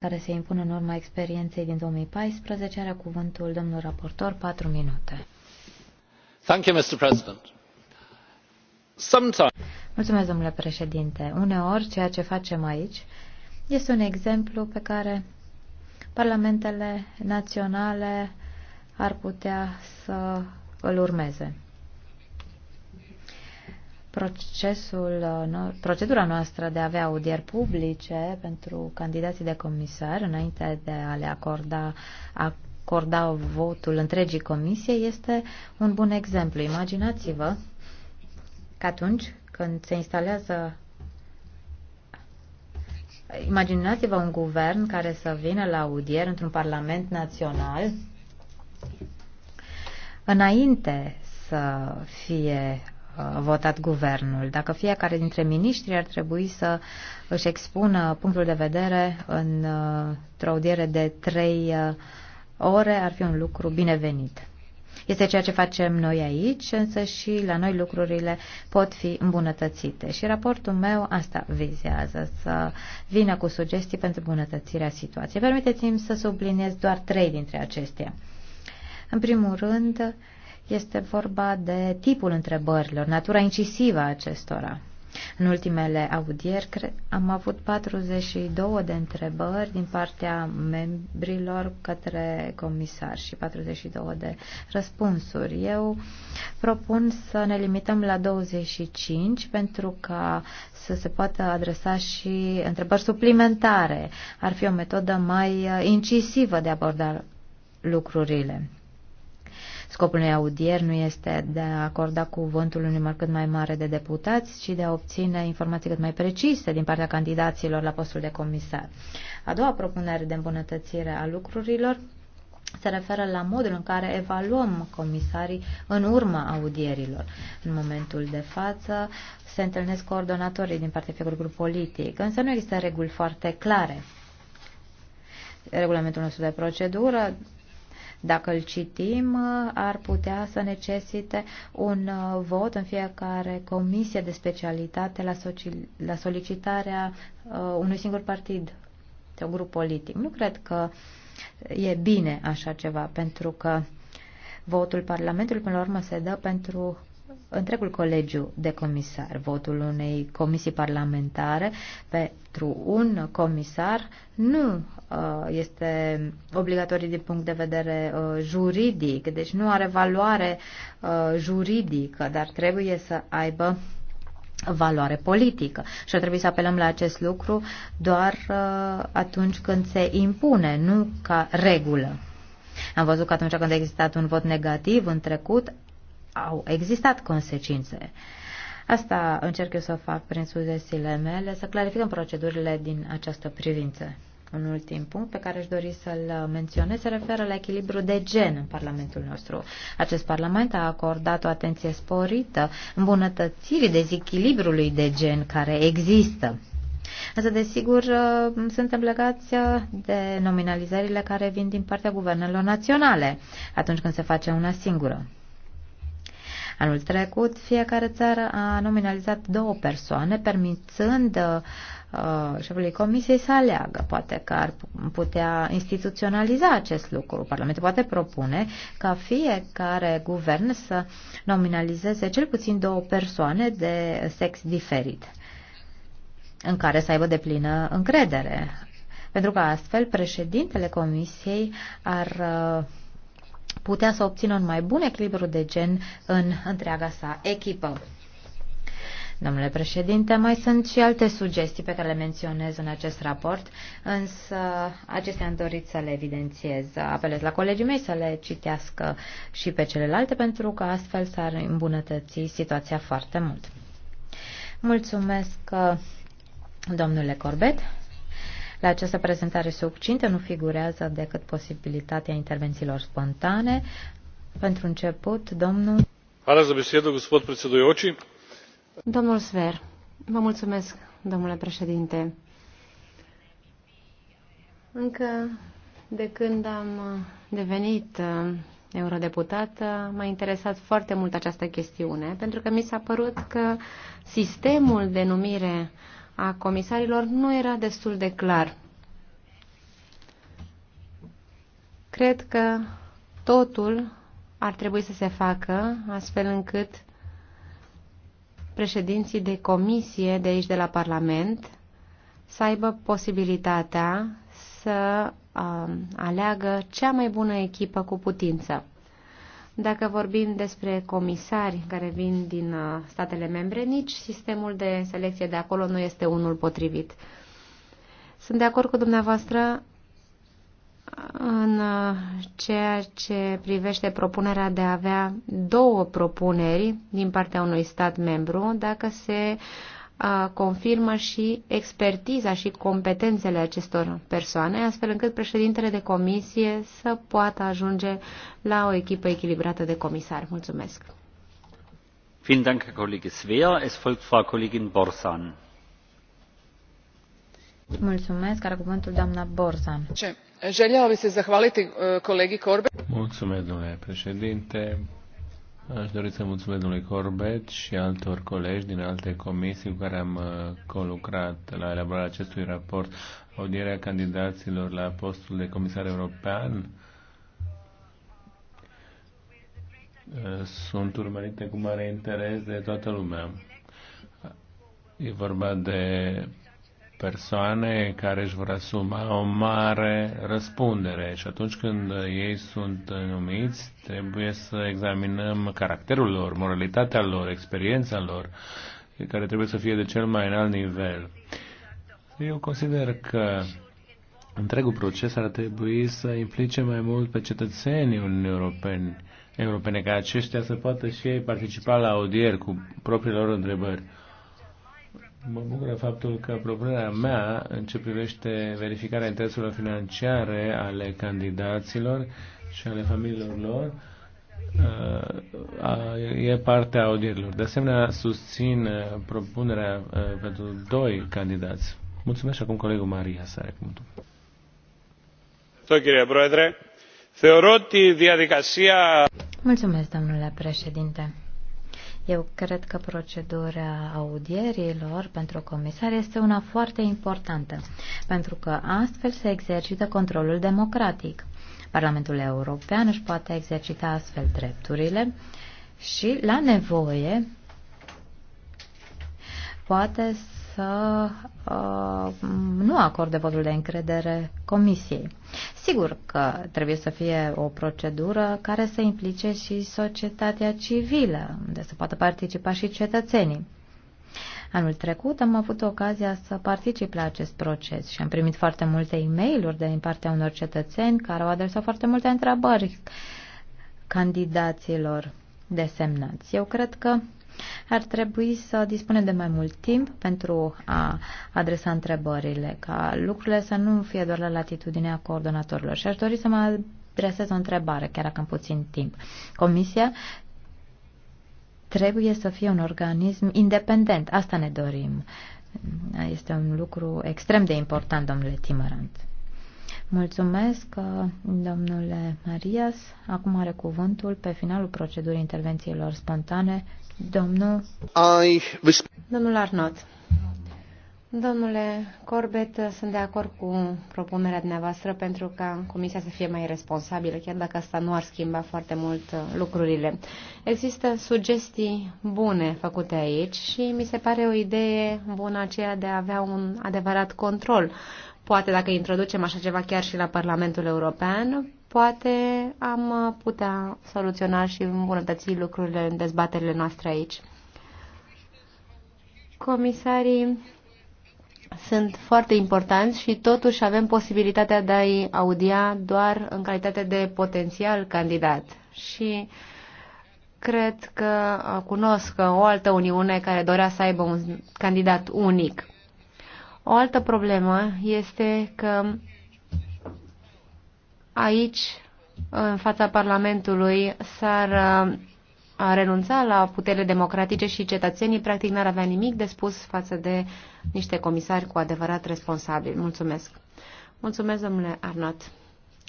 care se impune în urma experienței din 2014. Are cuvântul domnul raportor, patru minute. Thank you, Mr. President. Sometimes... Mulțumesc, domnule președinte. Uneori, ceea ce facem aici este un exemplu pe care parlamentele naționale ar putea să îl urmeze procesul, uh, procedura noastră de a avea audieri publice pentru candidații de comisar înainte de a le acorda acorda votul întregii comisie este un bun exemplu. Imaginați-vă că atunci când se instalează Imaginați-vă un guvern care să vină la audier într-un parlament național înainte să fie votat guvernul. Dacă fiecare dintre miniștri ar trebui să își expună punctul de vedere în uh, o audiere de trei uh, ore, ar fi un lucru binevenit. Este ceea ce facem noi aici, însă și la noi lucrurile pot fi îmbunătățite. Și raportul meu asta vizează, să vină cu sugestii pentru îmbunătățirea situației. Permiteți-mi să subliniez doar trei dintre acestea. În primul rând, este vorba de tipul întrebărilor, natura incisivă a acestora. În ultimele audieri am avut 42 de întrebări din partea membrilor către comisar și 42 de răspunsuri. Eu propun să ne limităm la 25 pentru ca să se poată adresa și întrebări suplimentare. Ar fi o metodă mai incisivă de a aborda lucrurile. Scopul unei audieri nu este de a acorda cuvântul unui număr cât mai mare de deputați, ci de a obține informații cât mai precise din partea candidaților la postul de comisar. A doua propunere de îmbunătățire a lucrurilor se referă la modul în care evaluăm comisarii în urma audierilor. În momentul de față se întâlnesc coordonatorii din partea fiecărui grup politic, însă nu există reguli foarte clare. Regulamentul nostru de procedură dacă îl citim, ar putea să necesite un uh, vot în fiecare comisie de specialitate la, la solicitarea uh, unui singur partid sau grup politic. Nu cred că e bine așa ceva, pentru că votul Parlamentului, până la urmă, se dă pentru întregul colegiu de comisar. Votul unei comisii parlamentare pentru un comisar nu uh, este obligatoriu din punct de vedere uh, juridic, deci nu are valoare uh, juridică, dar trebuie să aibă valoare politică. Și ar trebui să apelăm la acest lucru doar atunci când se impune, nu ca regulă. Am văzut că atunci când a existat un vot negativ în trecut, au existat consecințe. Asta încerc eu să fac prin sugestiile mele, să clarificăm procedurile din această privință. Un ultim punct pe care aș dori să-l menționez se referă la echilibru de gen în Parlamentul nostru. Acest Parlament a acordat o atenție sporită îmbunătățirii dezechilibrului de gen care există. Însă, desigur, suntem legați de nominalizările care vin din partea guvernelor naționale atunci când se face una singură. Anul trecut, fiecare țară a nominalizat două persoane, permițând uh, uh, șefului comisiei să aleagă. Poate că ar putea instituționaliza acest lucru. Parlamentul poate propune ca fiecare guvern să nominalizeze cel puțin două persoane de sex diferit în care să aibă deplină încredere pentru că astfel președintele Comisiei ar uh, putea să obțină un mai bun echilibru de gen în întreaga sa echipă. Domnule președinte, mai sunt și alte sugestii pe care le menționez în acest raport, însă acestea am dorit să le evidențiez. Apelez la colegii mei să le citească și pe celelalte, pentru că astfel s-ar îmbunătăți situația foarte mult. Mulțumesc, domnule Corbet. La această prezentare succintă nu figurează decât posibilitatea intervențiilor spontane. Pentru început, domnul... Hvala za besedo, gospod predsedujoči. Domnul Sver, vă mulțumesc, domnule președinte. Încă de când am devenit uh, eurodeputată, m-a interesat foarte mult această chestiune, pentru că mi s-a părut că sistemul de numire a comisarilor nu era destul de clar. Cred că totul ar trebui să se facă astfel încât președinții de comisie de aici de la Parlament să aibă posibilitatea să um, aleagă cea mai bună echipă cu putință. Dacă vorbim despre comisari care vin din uh, statele membre, nici sistemul de selecție de acolo nu este unul potrivit. Sunt de acord cu dumneavoastră în uh, ceea ce privește propunerea de a avea două propuneri din partea unui stat membru dacă se uh, confirmă și expertiza și competențele acestor persoane, astfel încât președintele de comisie să poată ajunge la o echipă echilibrată de comisari. Mulțumesc! Mulțumesc, are cuvântul doamna Borzan. Mulțumesc, domnule președinte aș dori să mulțumesc domnului Corbett și altor colegi din alte comisii cu care am uh, colucrat la elaborarea acestui raport. Audierea candidaților la postul de comisar european uh, sunt urmărite cu mare interes de toată lumea. E vorba de persoane care își vor asuma o mare răspundere și atunci când ei sunt numiți trebuie să examinăm caracterul lor, moralitatea lor, experiența lor, care trebuie să fie de cel mai înalt nivel. Eu consider că întregul proces ar trebui să implice mai mult pe cetățenii Uniunii Europene, europene ca aceștia să poată și ei participa la audieri cu propriile lor întrebări. Mă bucură faptul că propunerea mea în ce privește verificarea intereselor financiare ale candidaților și ale familiilor lor uh, e partea audierilor. De asemenea, susțin uh, propunerea uh, pentru doi candidați. Mulțumesc și acum colegul Maria să are cuvântul. Mulțumesc, domnule președinte. Eu cred că procedura audierilor pentru comisar este una foarte importantă, pentru că astfel se exercită controlul democratic. Parlamentul European își poate exercita astfel drepturile și, la nevoie, poate să uh, nu acorde votul de încredere Comisiei. Sigur că trebuie să fie o procedură care să implice și societatea civilă, unde să poată participa și cetățenii. Anul trecut am avut ocazia să particip la acest proces și am primit foarte multe e mail din partea unor cetățeni care au adresat foarte multe întrebări candidaților desemnați. Eu cred că ar trebui să dispune de mai mult timp pentru a adresa întrebările, ca lucrurile să nu fie doar la latitudinea coordonatorilor. Și aș dori să mă adresez o întrebare, chiar dacă am puțin timp. Comisia trebuie să fie un organism independent. Asta ne dorim. Este un lucru extrem de important, domnule Timărant. Mulțumesc, domnule Marias. Acum are cuvântul pe finalul procedurii intervențiilor spontane. Domnul... I... Domnul Arnot. Domnule Corbett, sunt de acord cu propunerea dumneavoastră pentru ca Comisia să fie mai responsabilă, chiar dacă asta nu ar schimba foarte mult uh, lucrurile. Există sugestii bune făcute aici și mi se pare o idee bună aceea de a avea un adevărat control Poate dacă introducem așa ceva chiar și la Parlamentul European, poate am putea soluționa și îmbunătăți lucrurile în dezbaterile noastre aici. Comisarii sunt foarte importanți și totuși avem posibilitatea de a-i audia doar în calitate de potențial candidat. Și cred că cunosc o altă uniune care dorea să aibă un candidat unic. O altă problemă este că aici, în fața Parlamentului, s-ar a uh, renunța la puterile democratice și cetățenii practic n-ar avea nimic de spus față de niște comisari cu adevărat responsabili. Mulțumesc. Mulțumesc, domnule Arnott.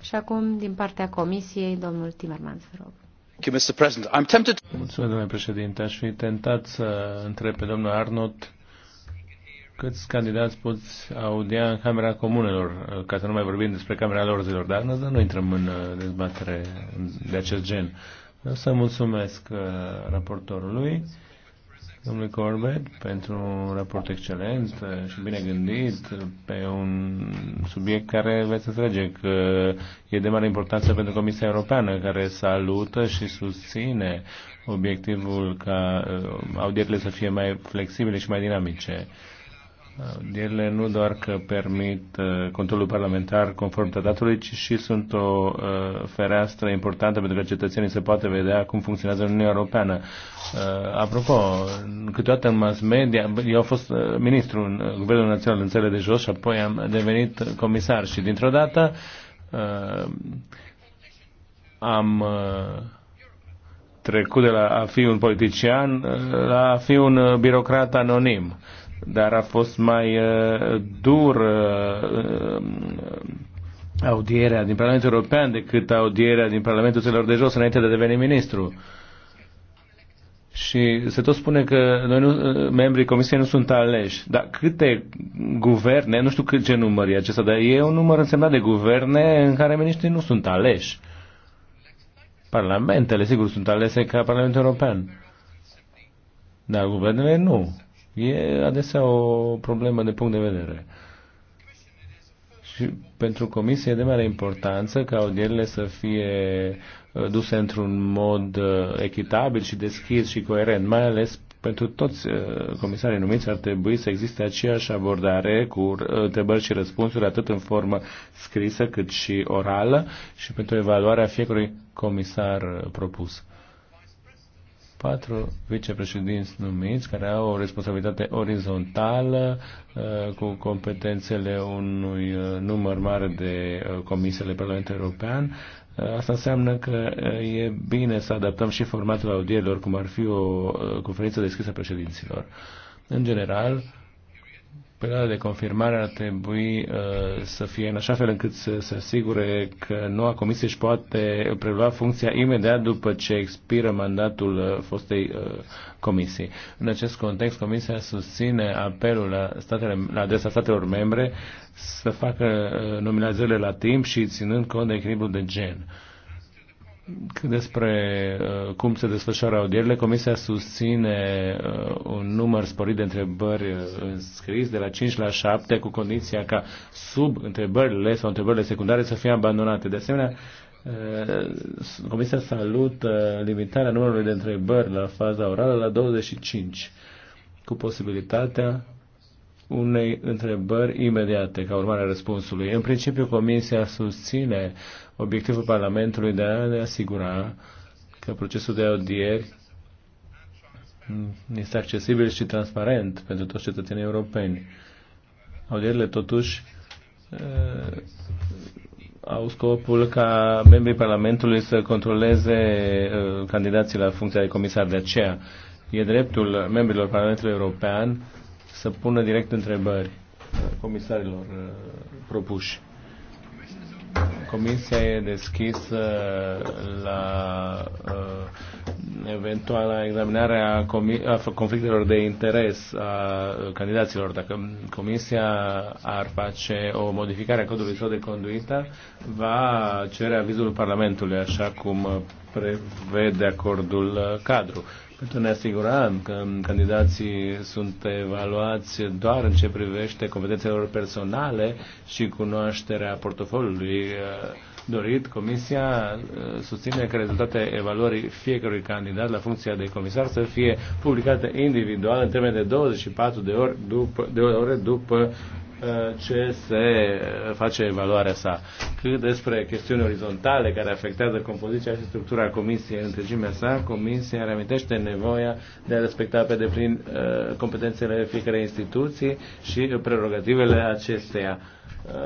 Și acum, din partea Comisiei, domnul Timmermans, vă rog. Mulțumesc, domnule președinte. Aș fi tentat să întreb pe domnul Arnott câți candidați poți audia în Camera Comunelor, uh, ca să nu mai vorbim despre Camera Lorzilor, dar nu, nu intrăm în uh, dezbatere de acest gen. Vreau să mulțumesc uh, raportorului, domnului Corbett, pentru un raport excelent și bine gândit pe un subiect care veți înțelege că e de mare importanță pentru Comisia Europeană, care salută și susține obiectivul ca audierile să fie mai flexibile și mai dinamice ele nu doar că permit uh, controlul parlamentar conform tratatului, ci și sunt o uh, fereastră importantă pentru că cetățenii se poate vedea cum funcționează Uniunea Europeană. Uh, apropo, câteodată în mass media, eu am fost ministru în Guvernul Național în țările de jos și apoi am devenit comisar și dintr-o dată am trecut de la a fi un politician la a fi un birocrat anonim. Uh, dar a fost mai uh, dur uh, uh, audierea din Parlamentul European decât audierea din Parlamentul celor de jos înainte de a deveni ministru. Și se tot spune că noi nu, uh, membrii Comisiei nu sunt aleși. Dar câte guverne, nu știu cât ce număr e acesta, dar e un număr însemnat de guverne în care miniștrii nu sunt aleși. Parlamentele, sigur, sunt alese ca Parlamentul European. Dar guvernele nu E adesea o problemă de punct de vedere. Și pentru comisie e de mare importanță ca audierile să fie uh, duse într-un mod uh, echitabil și deschis și coerent, mai ales pentru toți uh, comisarii numiți ar trebui să existe aceeași abordare cu întrebări și răspunsuri atât în formă scrisă cât și orală și pentru evaluarea fiecărui comisar propus patru vicepreședinți numiți care au o responsabilitate orizontală uh, cu competențele unui uh, număr mare de uh, comisiile Parlamentului European. Asta înseamnă că e bine să adaptăm și formatul audierilor, cum ar fi o conferință deschisă a președinților. În general, perioada de confirmare ar trebui uh, să fie în așa fel încât să se asigure că noua comisie își poate prelua funcția imediat după ce expiră mandatul uh, fostei uh, comisii. În acest context, comisia susține apelul la, statele, la adresa statelor membre să facă uh, nominalizările la timp și ținând cont de echilibru de gen. Uh, despre uh, cum se desfășoară audierile, Comisia susține uh, un număr sporit de întrebări uh, înscris de la 5 la 7 cu condiția ca sub întrebările sau întrebările secundare să fie abandonate. De asemenea, uh, Comisia salută limitarea numărului de întrebări la faza orală la 25 cu posibilitatea unei întrebări imediate ca urmare a răspunsului. În principiu, Comisia susține obiectivul Parlamentului de a ne asigura că procesul de audieri este accesibil și transparent pentru toți cetățenii europeni. Audierile, totuși, eh, au scopul ca membrii Parlamentului să controleze eh, candidații la funcția de comisar. De aceea, e dreptul membrilor Parlamentului European să pună direct întrebări uh, comisarilor uh, propuși. Comisia e deschisă la uh, eventuala examinare a, a conflictelor de interes a candidaților. Dacă Comisia ar face o modificare a codului său de conduită, va cere avizul Parlamentului, așa cum prevede acordul cadru pentru ne asigura că candidații sunt evaluați doar în ce privește competențele lor personale și cunoașterea portofoliului uh, dorit, Comisia uh, susține că rezultatele evaluării fiecărui candidat la funcția de comisar să fie publicate individual în termen de 24 de ore după, de ore după ce se face evaluarea sa. Cât despre chestiuni orizontale care afectează compoziția și structura comisiei în întregimea sa, comisia reamintește nevoia de a respecta pe deplin uh, competențele fiecare instituții și prerogativele acesteia.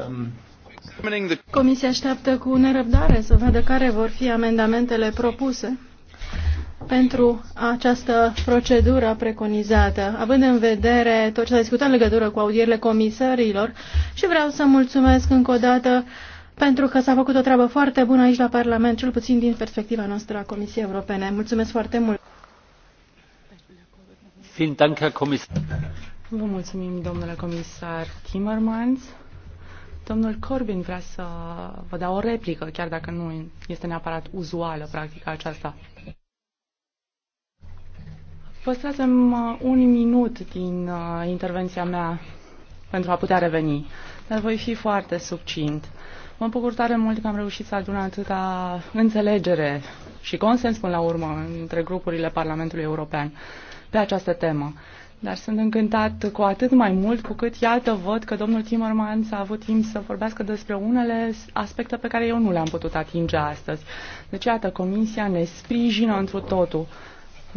Um, comisia așteaptă cu nerăbdare să vadă care vor fi amendamentele propuse pentru această procedură preconizată, având în vedere tot ce s-a discutat în legătură cu audierile comisarilor și vreau să mulțumesc încă o dată pentru că s-a făcut o treabă foarte bună aici la Parlament, cel puțin din perspectiva noastră a Comisiei Europene. Mulțumesc foarte mult! Vă mulțumim, domnule comisar Timmermans. Domnul Corbin vrea să vă dau o replică, chiar dacă nu este neapărat uzuală practica aceasta. Păstrasem uh, un minut din uh, intervenția mea pentru a putea reveni, dar voi fi foarte subcint. Mă bucur tare mult că am reușit să adun atâta înțelegere și consens până la urmă între grupurile Parlamentului European pe această temă. Dar sunt încântat cu atât mai mult cu cât, iată, văd că domnul Timmermans a avut timp să vorbească despre unele aspecte pe care eu nu le-am putut atinge astăzi. Deci, iată, Comisia ne sprijină întru totul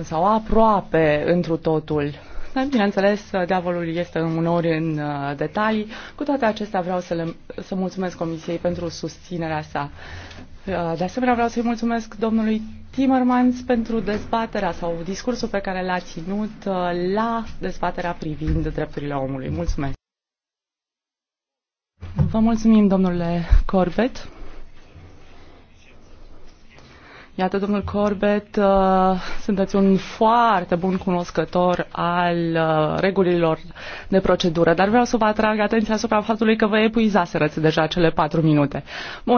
sau aproape întru totul. Dar, bineînțeles, diavolul este uneori în uh, detalii. Cu toate acestea vreau să, le, să mulțumesc Comisiei pentru susținerea sa. Uh, de asemenea, vreau să-i mulțumesc domnului Timmermans pentru dezbaterea sau discursul pe care l-a ținut uh, la dezbaterea privind drepturile omului. Mulțumesc! Vă mulțumim, domnule Corbett. Iată, domnul Corbett, uh, sunteți un foarte bun cunoscător al uh, regulilor de procedură, dar vreau să vă atrag atenția asupra faptului că vă epuizaserăți deja cele patru minute. Bun,